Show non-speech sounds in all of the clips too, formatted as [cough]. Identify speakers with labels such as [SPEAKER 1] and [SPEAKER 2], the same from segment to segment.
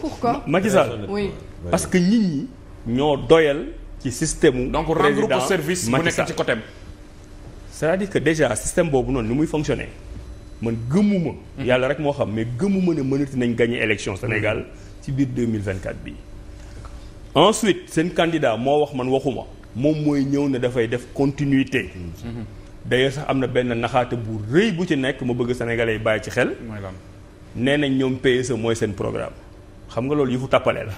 [SPEAKER 1] pourquoi Macky Sall oui parce que nit ñi ñoo doyal ci système mu donc rendre ko service mu nekk ci côté c'est-à-dire que déjà système boobu noonu ni muy fonctionner man gëmuma mhm. yàlla rek moo xam mais gëmuma ne mënati nañ gagner élection mhm. Sénégal ci biir 2024 bi ensuite seen candidat moo wax man waxuma moom mooy ñëw ne dafay def continuité mhm. d'ailleurs sax am na benn naxaata bu rëy bu ci nekk ma bëgg sénégalais yi bàyyi ci xel nee nañ ñoom PSE mooy seen programme xam nga loolu yëfu tàppale la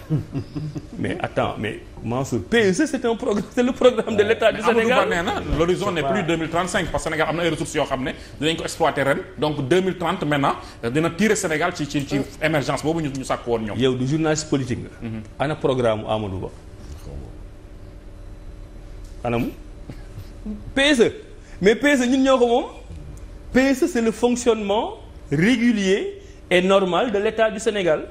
[SPEAKER 1] mais attends mais Mansour PSE c'est un programme c'est le programme de l'État du Sénégal Amadou Ba nee na l'horizon n'est plus 2035 parce que Sénégal am na ay ressources yoo xam ne dinañ ko exploiter ren donc 2030 maintenant euh, dina tirer Sénégal ci ci ci émergence boobu ñu ñu sàkk woon ñoom yow du journaliste politique nga mhm. ana programme Amadou Ba anam PSE mais PSE ñun ñoo ko moom PSE c'est le fonctionnement régulier et normal de l'État du Sénégal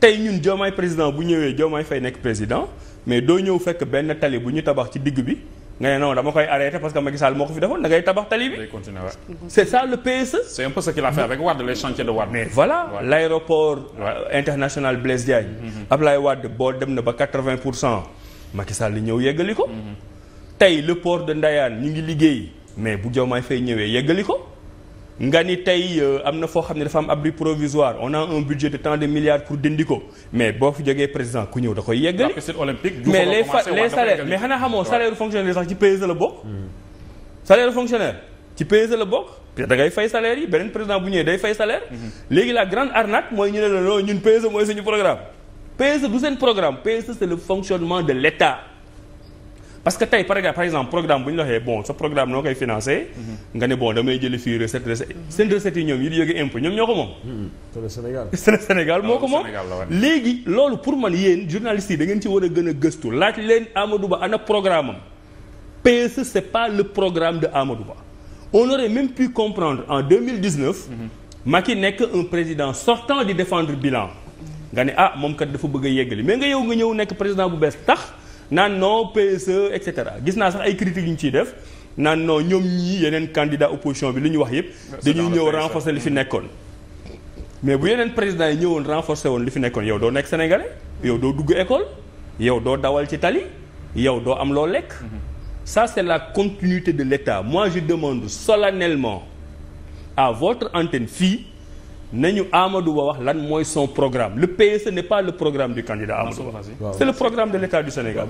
[SPEAKER 1] tey ñun Diomaye président bu ñëwee Diomaye fay nekk président mais doo ñëw fekk benn tali bu ñu tabax ci digg bi nga ne non dama koy arrêté parce que Macky Sall moo ko fi defoon da ngay tabax tali bi. c' est ça le PSE. c' est un peu ce qu'il a fait avec Wade les chantiers de Wade. mais voilà l' euh, international Blaise Diagne. Mm-hmm. Ablaye Wade boo dem na ba quatre-vingt pour cent Macky Sall li ñëw yeggali ko. Mm-hmm. tey le port de Ndayane ñu ngi liggéey mais bu Diomaye fay ñëwee yeggali ko. nga ni tey euh, am na foo xam ne dafa am abri provisoire on a un budget de tant de milliards pour dindi ko mais boo fi jógee président ku ñëw da koy yeggali. mais les les salaires mais xanaa xamoo salaire fonctionnaire sax ci PSE la bokk. salaire fonctionnaire ci PSE la bokk da ngay fay salaire yi beneen président bu ñëwee day fay salaire. Mhm. léegi la grande arnaque mooy ñu ne la non ñun PSE mooy suñu programme. PSE du seen programme PSE parce que tey par exemple par exemple programme bu ñu la waxee bon sa programme noo koy financé. Mhm. nga ne bon damay jëli fii recette recette mhm. seen recettes yi ñoom yi di yëge impôt ñoom ñoo ko moom. Mhm. [laughs] léegi loolu pour man yéen journalistes yi da ngeen ci war a gën a gëstu laaj leen Amadou Ba ana programme am PSE c'est pas le programme de Amadou Ba on aurait même pu comprendre en ma Macky nekk un président sortant di défendre bilan. nga ne ah moom kat dafa bëgg a yeggali mais nga yow nga ñëw nekk président bu bees tax. naan non PSE et gis naa sax ay critiques yu ñu ciy def naan non ñoom ñii yeneen candidat opposition bi li ñu wax yëpp. dañuy ñëw e. renforcer li fi nekkoon. mais bu yeneen président yi ñëwoon renforcer woon li fi nekkoon yow doo nekk sénégalais yow doo dugg école yow doo dawal ci tali yow doo am loo lekk. sa mhm. c'est la continuité de l'État moi je demande solennellement à votre antenne fii. nañu Amadou Ba wax lan mooy son programme le PSE n'est pas le programme du candidat Amadou Ba le programme de l'État du Sénégal